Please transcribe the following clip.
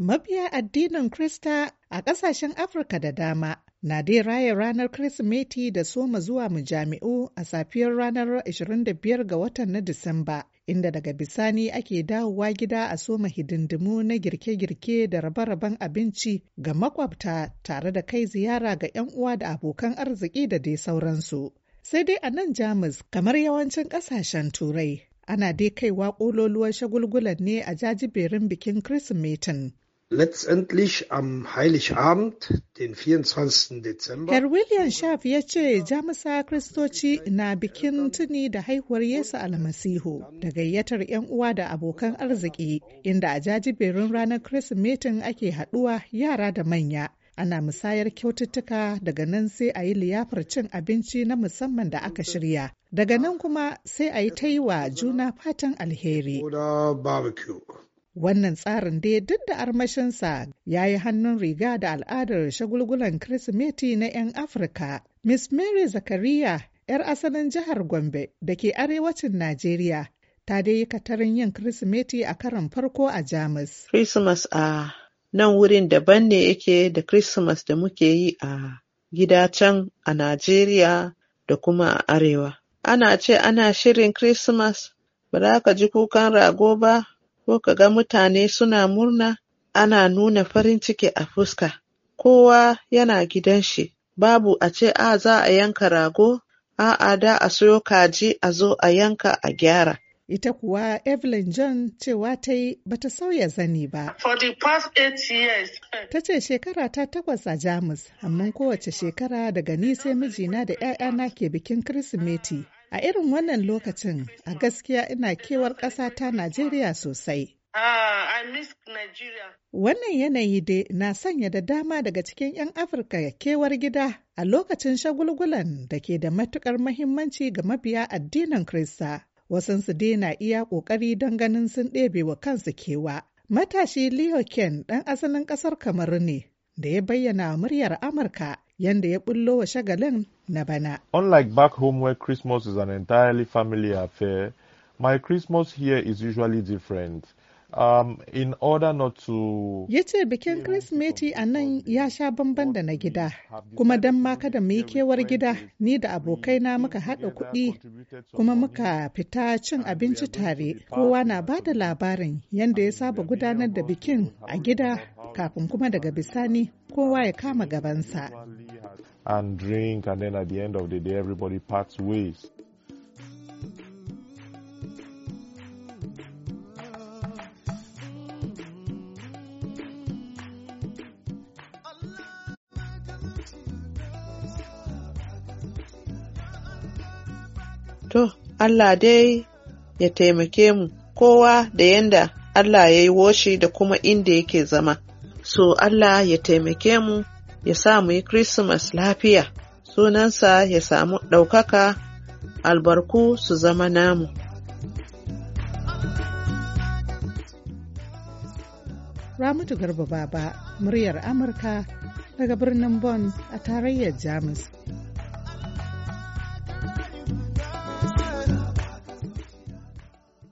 Mabiya addinin Krista a ƙasashen Afirka da dama na dai raya ranar Kirsimeti da soma zuwa mujami'u a safiyar ranar 25 ga watan na Disamba, inda daga bisani ake dawowa gida a soma hidindimu na girke-girke da rabe-raben abinci ga makwabta tare da kai ziyara ga 'yan uwa da abokan arziki da dai sauransu. Sai dai a nan Jamus, kamar yawancin ƙasashen Turai, ana dai kaiwa ƙololuwar shagulgulan ne a jajiberin bikin Kirsimetin. Letztendlich am Heiligabend, den 24. Dezember. Herr William Schaaf ya ce Jamusa Kristoci na bikin tuni da haihuwar Yesu almasihu da gayyatar 'yan uwa da abokan arziki inda a jajiberin ranar Kirsimetin ake haɗuwa yara da manya. ana musayar kyaututtuka daga nan sai a yi liyafar cin abinci na musamman da aka shirya daga nan kuma sai a yi ta yi wa juna fatan alheri Wannan tsarin dai duk da armashinsa ya yi hannun riga da al'adar shagulgulan Kirsimeti na 'yan Afirka. Miss Mary Zakariya, 'yar asalin jihar Gombe da ke arewacin Najeriya, ta dai yi katarin yin Kirsimeti a karon farko a Jamus. Christmas a nan wurin daban ne yake da Christmas da muke yi a gida can a Najeriya da kuma a Arewa. Ana ce ana shirin Christmas, ba za ka ji kukan rago ba, ko ka ga mutane suna murna ana nuna farin ciki a fuska. Kowa yana gidan shi, babu a ce a za a yanka rago, a'a da a siyo kaji a zo a yanka a gyara. Ita kuwa Evelyn John cewa ta yi bata sauya zani ba. For the past eight years. Eh, ta ce shekara ta takwas a Jamus, amma kowace shekara daga ni sai mijina da 'ya'yana ke bikin Kirsimeti A irin wannan lokacin a gaskiya ina kewar ƙasa ta Najeriya sosai. Ah, wannan yanayi dai na sanya da dama daga cikin 'yan Afirka kewar gida a lokacin shagulgulan da ke da matukar mahimmanci ga mabiya addinin Kirista. Wasansu dai na iya ƙoƙari don ganin sun ɗebe wa kansu kewa. Matashi Leo Ken ɗan asalin ƙasar Kamaru ne da ya bayyana muryar Amurka yadda ya bullo wa shagalin na bana. Unlike back home where Christmas is an entirely family affair, my Christmas here is usually different. Um, in order not to... Ya ce bikin Kirsimeti a nan ya sha bamban da na gida, kuma don maka kada mai kewar gida, ni da abokaina muka haɗa kuɗi, kuma muka fita cin abinci tare, kowa na ba da labarin yadda ya saba gudanar da bikin a gida, kafin kuma daga bisani kowa ya kama gabansa. and drink, and then at the end of the day, everybody parts ways. To, Allah dai ya taimake mu, kowa da yanda Allah ya yi woshi da kuma inda yake zama. So Allah ya taimake mu ya sa mu yi Christmas lafiya, sunansa ya samu ɗaukaka albarku su zama namu. Ramutu Garba Baba, muryar Amurka daga birnin Bonn a tarayyar Jamus.